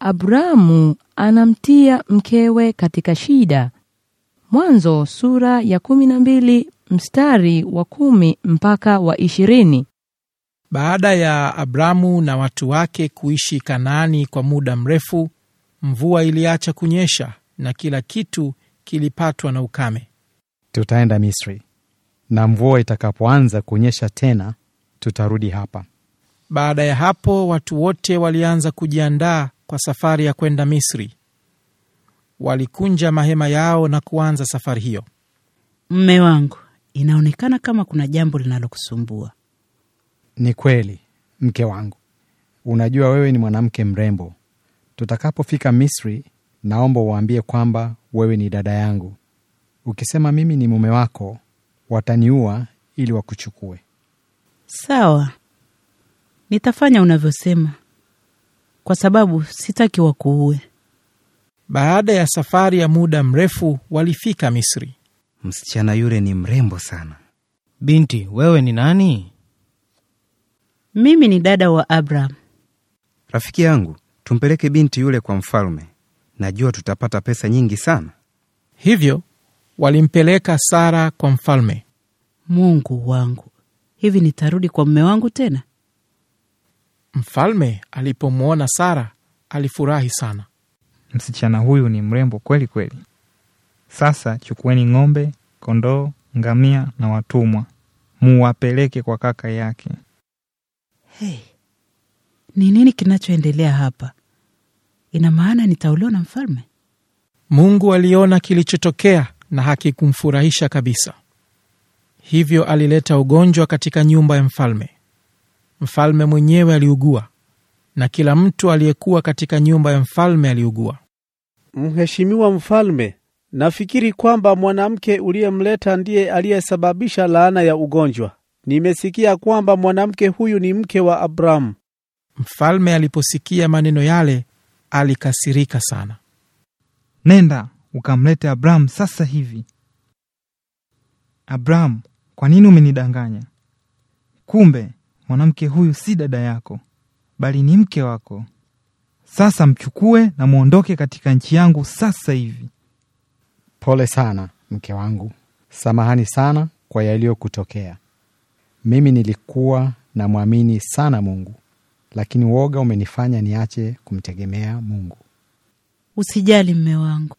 Abrahamu anamtia mkewe katika shida. Mwanzo sura ya kumi na mbili mstari wa kumi mpaka wa ishirini. Baada ya Abrahamu na watu wake kuishi Kanaani kwa muda mrefu, mvua iliacha kunyesha na kila kitu kilipatwa na ukame. Tutaenda Misri na mvua itakapoanza kunyesha tena tutarudi hapa. Baada ya hapo, watu wote walianza kujiandaa kwa safari ya kwenda Misri. Walikunja mahema yao na kuanza safari hiyo. Mme wangu, inaonekana kama kuna jambo linalokusumbua. Ni kweli, mke wangu. Unajua wewe ni mwanamke mrembo. Tutakapofika Misri, naomba uwaambie kwamba wewe ni dada yangu. Ukisema mimi ni mume wako, wataniua ili wakuchukue. Sawa, nitafanya unavyosema kwa sababu sitaki wakuue. Baada ya safari ya muda mrefu walifika Misri. Msichana yule ni mrembo sana. Binti, wewe ni nani? Mimi ni dada wa Abraham. Rafiki yangu, tumpeleke binti yule kwa mfalme. Najua tutapata pesa nyingi sana. Hivyo walimpeleka Sara kwa mfalme. Mungu wangu, hivi nitarudi kwa mume wangu tena? Mfalme alipomwona Sara alifurahi sana. Msichana huyu ni mrembo kweli kweli. Sasa chukueni ng'ombe, kondoo, ngamia na watumwa, muwapeleke kwa kaka yake. Hey, ni nini kinachoendelea hapa? Ina maana nitauliwa na mfalme? Mungu aliona kilichotokea na hakikumfurahisha kabisa, hivyo alileta ugonjwa katika nyumba ya mfalme mfalme mwenyewe aliugua na kila mtu aliyekuwa katika nyumba ya mfalme aliugua. Mheshimiwa Mfalme, nafikiri kwamba mwanamke uliyemleta ndiye aliyesababisha laana ya ugonjwa. Nimesikia kwamba mwanamke huyu ni mke wa Abrahamu. Mfalme aliposikia maneno yale alikasirika sana. Nenda ukamlete Abrahamu sasa hivi. Abrahamu, kwa nini umenidanganya? Kumbe mwanamke huyu si dada yako, bali ni mke wako. Sasa mchukue na mwondoke katika nchi yangu sasa hivi. Pole sana mke wangu, samahani sana kwa yaliyokutokea. Mimi nilikuwa namwamini sana Mungu, lakini woga umenifanya niache kumtegemea Mungu. Usijali mme wangu,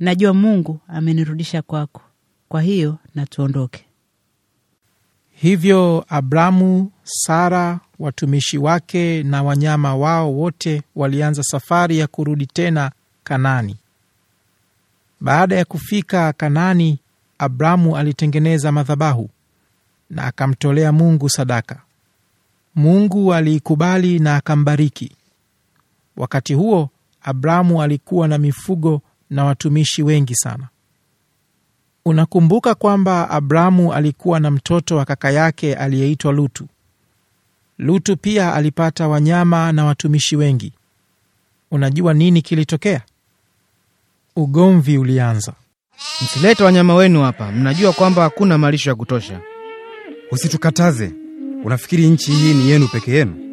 najua Mungu amenirudisha kwako, kwa hiyo natuondoke Hivyo Abramu, Sara, watumishi wake na wanyama wao wote walianza safari ya kurudi tena Kanani. Baada ya kufika Kanani, Abramu alitengeneza madhabahu na akamtolea Mungu sadaka. Mungu aliikubali na akambariki. Wakati huo Abramu alikuwa na mifugo na watumishi wengi sana. Unakumbuka kwamba abrahamu alikuwa na mtoto wa kaka yake aliyeitwa Lutu. Lutu pia alipata wanyama na watumishi wengi. Unajua nini kilitokea? Ugomvi ulianza. Msilete wanyama wenu hapa, mnajua kwamba hakuna malisho ya kutosha. Usitukataze. Unafikiri nchi hii ni yenu peke yenu?